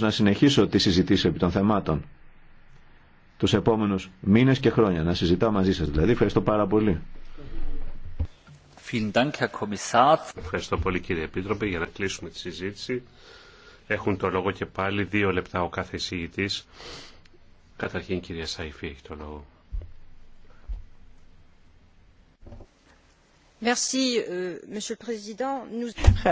να συνεχίσω τη συζητήση επί των θεμάτων τους επόμενους μήνες και χρόνια. Να συζητάω μαζί σας δηλαδή. Ευχαριστώ πάρα πολύ. Ευχαριστώ πολύ κύριε Επίτροπε για να κλείσουμε τη συζήτηση. Έχουν το λόγο και πάλι δύο λεπτά ο κάθε εισηγητή. Καταρχήν κυρία Σαϊφή έχει το λόγο. Euh,